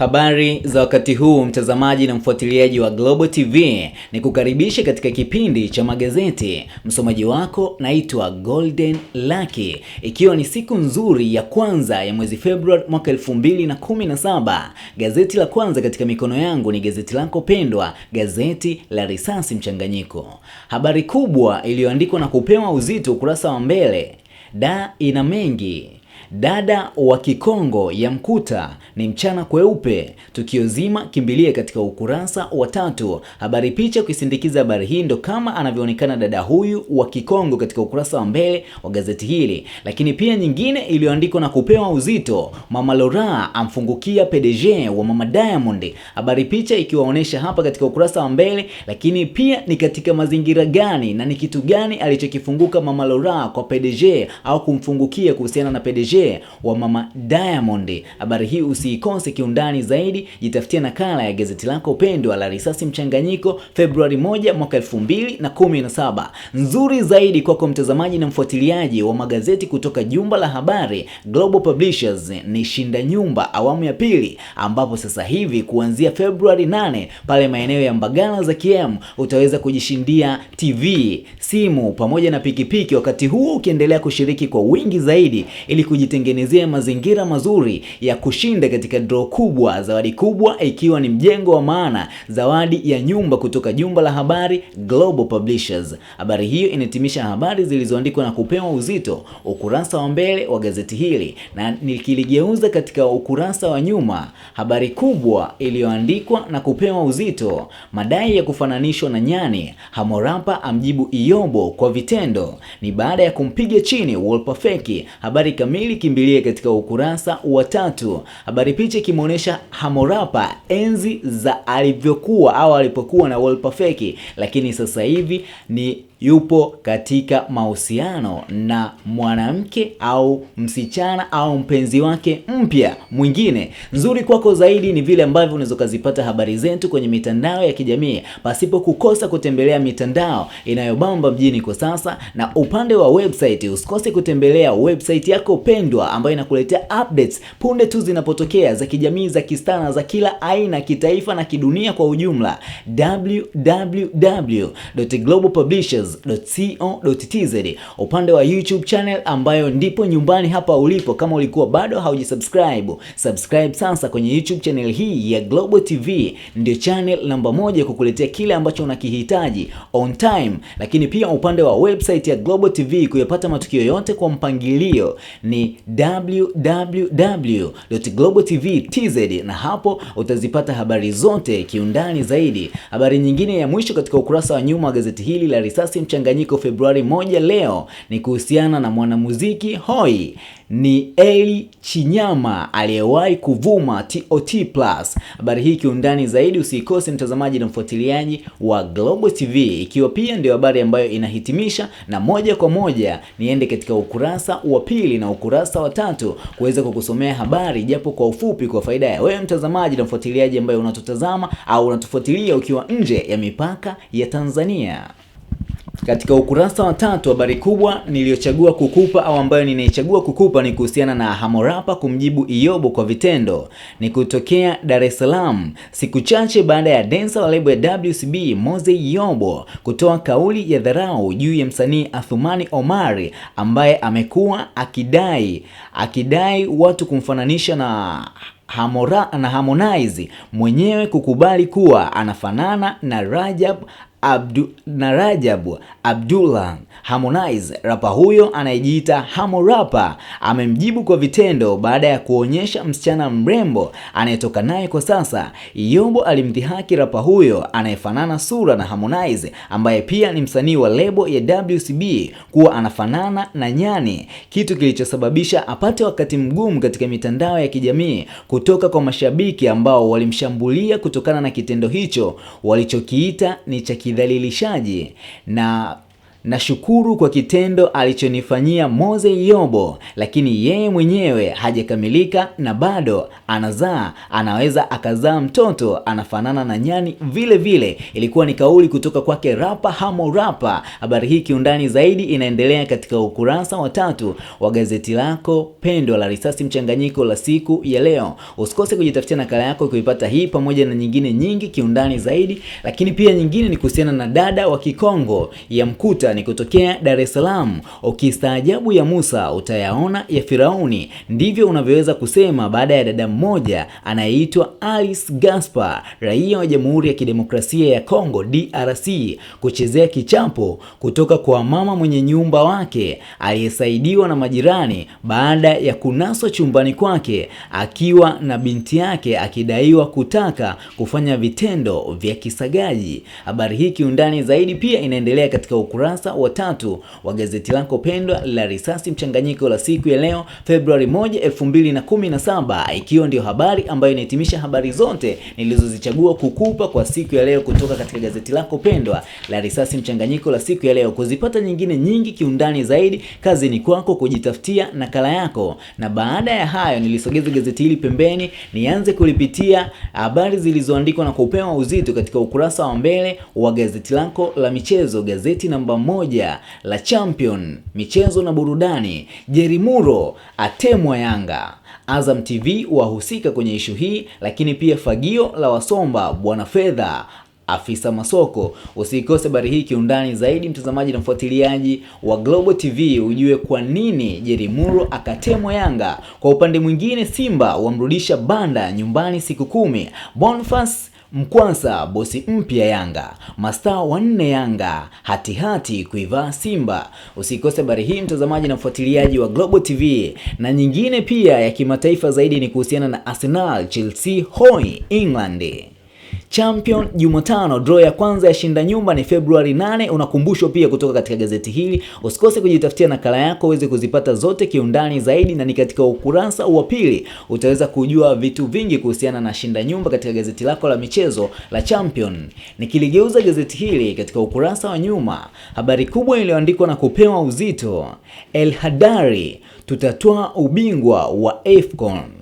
Habari za wakati huu mtazamaji na mfuatiliaji wa Global TV, ni kukaribisha katika kipindi cha magazeti. Msomaji wako naitwa Golden Lucky, ikiwa ni siku nzuri ya kwanza ya mwezi Februari mwaka 2017. Gazeti la kwanza katika mikono yangu ni gazeti lako pendwa, gazeti la Risasi Mchanganyiko. Habari kubwa iliyoandikwa na kupewa uzito ukurasa wa mbele, da ina mengi Dada wa Kikongo ya mkuta ni mchana kweupe. Tukio zima kimbilie katika ukurasa wa tatu, habari picha kuisindikiza habari hii. Ndo kama anavyoonekana dada huyu wa Kikongo katika ukurasa wa mbele wa gazeti hili, lakini pia nyingine iliyoandikwa na kupewa uzito, Mama Lora amfungukia PDG wa Mama Diamond, habari picha ikiwaonesha hapa katika ukurasa wa mbele, lakini pia ni katika mazingira gani na ni kitu gani alichokifunguka Mama Lora kwa PDG au kumfungukia kuhusiana na PDG share wa mama Diamond. Habari hii usiikose kiundani zaidi, jitafutie nakala ya gazeti lako pendwa la Risasi Mchanganyiko, Februari 1 mwaka 2017. Nzuri zaidi kwako mtazamaji na mfuatiliaji wa magazeti kutoka jumba la habari Global Publishers ni Shinda Nyumba awamu ya pili, ambapo sasa hivi kuanzia Februari 8 pale maeneo ya Mbagala za KM utaweza kujishindia TV, simu pamoja na pikipiki, wakati huo ukiendelea kushiriki kwa wingi zaidi ili kuji kujitengenezea mazingira mazuri ya kushinda katika draw kubwa, zawadi kubwa ikiwa ni mjengo wa maana, zawadi ya nyumba kutoka jumba la habari Global Publishers. Habari hiyo inahitimisha habari zilizoandikwa na kupewa uzito ukurasa wa mbele wa gazeti hili, na nikiligeuza katika ukurasa wa nyuma, habari kubwa iliyoandikwa na kupewa uzito, madai ya kufananishwa na nyani, Hamorapa amjibu Iyobo kwa vitendo, ni baada ya kumpiga chini Wolper Feki. Habari kamili kimbilie katika ukurasa wa tatu. Habari picha ikimwonyesha hamorapa enzi za alivyokuwa au alipokuwa na wallpaper lakini sasa hivi ni yupo katika mahusiano na mwanamke au msichana au mpenzi wake mpya mwingine. Nzuri kwako zaidi ni vile ambavyo unaweza ukazipata habari zetu kwenye mitandao ya kijamii pasipo kukosa kutembelea mitandao inayobamba mjini kwa sasa, na upande wa website usikose kutembelea website yako pendwa ambayo inakuletea updates punde tu zinapotokea za kijamii, za kistana, za kila aina, kitaifa na kidunia kwa ujumla www.globalpublishers News.co.tz upande wa YouTube channel ambayo ndipo nyumbani hapa ulipo. Kama ulikuwa bado haujisubscribe, subscribe sasa kwenye YouTube channel hii ya Global TV, ndio channel namba moja kukuletea kile ambacho unakihitaji on time, lakini pia upande wa website ya Global TV kuyapata matukio yote kwa mpangilio ni www.globaltv.tz, na hapo utazipata habari zote kiundani zaidi. Habari nyingine ya mwisho katika ukurasa wa nyuma wa gazeti hili la risasi Alhamisi mchanganyiko Februari moja leo ni kuhusiana na mwanamuziki hoi ni El Chinyama aliyewahi kuvuma TOT Plus. Habari hii kiundani zaidi usikose mtazamaji na mfuatiliaji wa Global TV, ikiwa pia ndio habari ambayo inahitimisha, na moja kwa moja niende katika ukurasa wa pili na ukurasa wa tatu kuweza kukusomea habari japo kwa ufupi, kwa faida ya wewe mtazamaji na mfuatiliaji ambaye unatutazama au unatufuatilia ukiwa nje ya mipaka ya Tanzania. Katika ukurasa wa tatu, habari kubwa niliyochagua kukupa au ambayo ninaichagua kukupa ni kuhusiana na hamorapa kumjibu Iyobo kwa vitendo. Ni kutokea Dar es Salaam, siku chache baada ya densa la lebo ya WCB moze Iyobo kutoa kauli ya dharau juu ya msanii Athumani Omari ambaye amekuwa akidai akidai watu kumfananisha na Hamora na Harmonize mwenyewe kukubali kuwa anafanana na Rajab Abdu na Rajabu Abdullah Harmonize, rapa huyo anayejiita Hamo Rapa amemjibu kwa vitendo baada ya kuonyesha msichana mrembo anayetoka naye kwa sasa. Yombo alimdhihaki rapa huyo anayefanana sura na Harmonize ambaye pia ni msanii wa lebo ya WCB kuwa anafanana na nyani, kitu kilichosababisha apate wakati mgumu katika mitandao ya kijamii kutoka kwa mashabiki ambao walimshambulia kutokana na kitendo hicho walichokiita ni cha kidhalilishaji na Nashukuru kwa kitendo alichonifanyia Moze Yobo, lakini yeye mwenyewe hajakamilika na bado anazaa, anaweza akazaa mtoto anafanana na nyani vile vile. Ilikuwa ni kauli kutoka kwake rapa Hamo Rapa. Habari hii kiundani zaidi inaendelea katika ukurasa wa tatu wa gazeti lako pendwa la Risasi Mchanganyiko la siku ya leo. Usikose kujitafutia nakala yako kuipata hii pamoja na nyingine nyingi kiundani zaidi, lakini pia nyingine ni kuhusiana na dada wa Kikongo ya mkuta ni kutokea Dar es Salaam. Ukistaajabu ya Musa utayaona ya Firauni. Ndivyo unavyoweza kusema baada ya dada mmoja anayeitwa Alice Gaspar, raia wa Jamhuri ya Kidemokrasia ya Kongo DRC, kuchezea kichapo kutoka kwa mama mwenye nyumba wake aliyesaidiwa na majirani baada ya kunaswa chumbani kwake akiwa na binti yake akidaiwa kutaka kufanya vitendo vya kisagaji. Habari hii kiundani zaidi pia inaendelea katika ukurasa ukurasa wa tatu wa gazeti lako pendwa la Risasi Mchanganyiko la siku ya leo Februari 1, 2017, ikiwa ndio habari ambayo inahitimisha habari zote nilizozichagua kukupa kwa siku ya leo kutoka katika gazeti lako pendwa la Risasi Mchanganyiko la siku ya leo. Kuzipata nyingine nyingi kiundani zaidi, kazi ni kwako kujitafutia nakala yako. Na baada ya hayo, nilisogeza gazeti hili pembeni, nianze kulipitia habari zilizoandikwa na kupewa uzito katika ukurasa wa mbele wa gazeti lako la michezo, gazeti namba moja la Champion, michezo na burudani, Jerry Muro atemwa Yanga. Azam TV wahusika kwenye ishu hii, lakini pia fagio la Wasomba, Bwana Fedha afisa masoko. Usikose habari hii kiundani zaidi, mtazamaji na mfuatiliaji wa Global TV, ujue kwa nini Jerry Muro akatemwa Yanga. Kwa upande mwingine, Simba wamrudisha Banda nyumbani siku kumi. Boniface Mkwansa bosi mpya Yanga, mastaa wanne Yanga, hatihati kuivaa Simba. Usikose habari hii mtazamaji na mfuatiliaji wa Global TV, na nyingine pia ya kimataifa zaidi ni kuhusiana na Arsenal, Chelsea hoi England. Champion Jumatano, draw ya kwanza ya shinda nyumba ni Februari 8. Unakumbushwa pia kutoka katika gazeti hili, usikose kujitafutia nakala yako uweze kuzipata zote kiundani zaidi, na ni katika ukurasa wa pili utaweza kujua vitu vingi kuhusiana na shinda nyumba katika gazeti lako la michezo la Champion. Nikiligeuza gazeti hili katika ukurasa wa nyuma, habari kubwa iliyoandikwa na kupewa uzito, El Hadari tutatoa ubingwa wa AFCON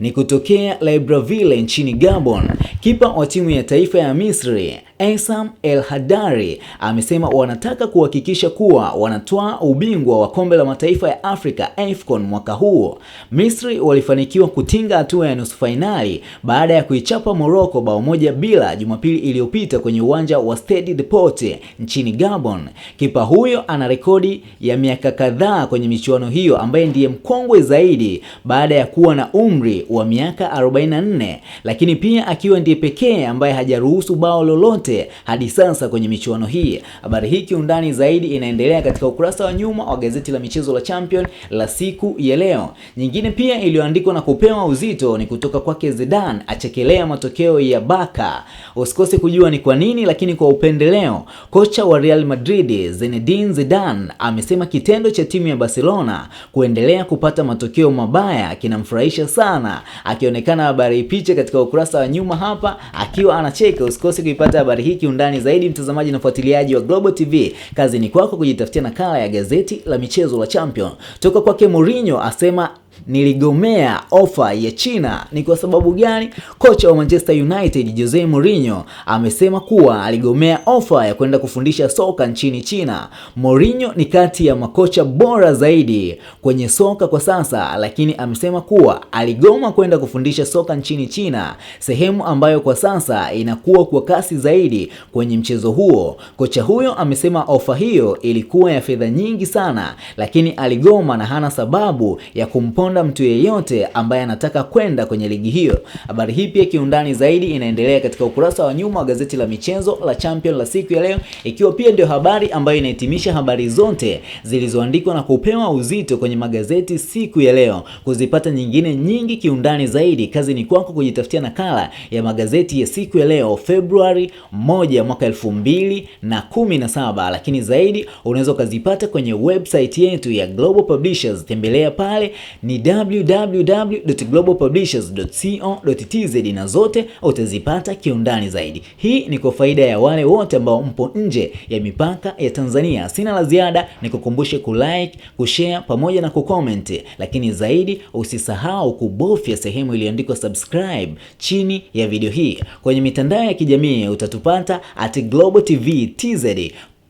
ni kutokea Libreville nchini Gabon. Kipa wa timu ya taifa ya Misri Esam El Hadari amesema wanataka kuhakikisha kuwa wanatoa ubingwa wa kombe la mataifa ya Afrika AFCON mwaka huo Misri walifanikiwa kutinga hatua ya nusu fainali baada ya kuichapa Morocco bao moja bila Jumapili iliyopita kwenye uwanja wa Stade de Porte nchini Gabon. Kipa huyo ana rekodi ya miaka kadhaa kwenye michuano hiyo ambaye ndiye mkongwe zaidi baada ya kuwa na umri wa miaka 44, lakini pia akiwa ndiye pekee ambaye hajaruhusu bao lolote yote hadi sasa kwenye michuano hii. Habari hii kiundani zaidi inaendelea katika ukurasa wa nyuma wa gazeti la michezo la Champion la siku ya leo. Nyingine pia iliyoandikwa na kupewa uzito ni kutoka kwake Zidane, achekelea matokeo ya Barca. Usikose kujua ni kwa nini, lakini kwa upendeleo, kocha wa Real Madrid Zinedine Zidane amesema kitendo cha timu ya Barcelona kuendelea kupata matokeo mabaya kinamfurahisha sana, akionekana habari picha katika ukurasa wa nyuma hapa akiwa anacheka. Usikose kuipata habari habari hii kiundani zaidi, mtazamaji na mfuatiliaji wa Global TV, kazi ni kwako kujitafutia nakala ya gazeti la michezo la Champion toka kwake. Mourinho asema niligomea ofa ya China. Ni kwa sababu gani? Kocha wa Manchester United Jose Mourinho amesema kuwa aligomea ofa ya kwenda kufundisha soka nchini China. Mourinho ni kati ya makocha bora zaidi kwenye soka kwa sasa, lakini amesema kuwa aligoma kwenda kufundisha soka nchini China, sehemu ambayo kwa sasa inakuwa kwa kasi zaidi kwenye mchezo huo. Kocha huyo amesema ofa hiyo ilikuwa ya fedha nyingi sana, lakini aligoma na hana sababu ya kumpa kumponda mtu yeyote ambaye anataka kwenda kwenye ligi hiyo. Habari hii pia kiundani zaidi inaendelea katika ukurasa wa nyuma wa gazeti la michezo la Champion la siku ya leo, ikiwa pia ndio habari ambayo inahitimisha habari zote zilizoandikwa na kupewa uzito kwenye magazeti siku ya leo. Kuzipata nyingine nyingi kiundani zaidi, kazi ni kwako kujitafutia nakala ya magazeti ya siku ya leo Februari 1 mwaka 2017, lakini zaidi unaweza ukazipata kwenye website yetu ya Global Publishers. Tembelea pale ni ni www.globalpublishers.co.tz na zote utazipata kiundani zaidi. Hii ni kwa faida ya wale wote ambao mpo nje ya mipaka ya Tanzania. Sina la ziada, nikukumbushe kulike, kushare pamoja na kucomment, lakini zaidi usisahau kubofya sehemu iliyoandikwa subscribe chini ya video hii. Kwenye mitandao ya kijamii utatupata at Global TV TZ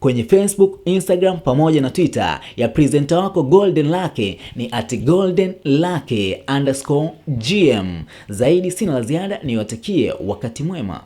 kwenye Facebook, Instagram pamoja na Twitter ya presenter wako Golden Lake ni at Golden Lake underscore GM. Zaidi sina la ziada, niwatakie wakati mwema.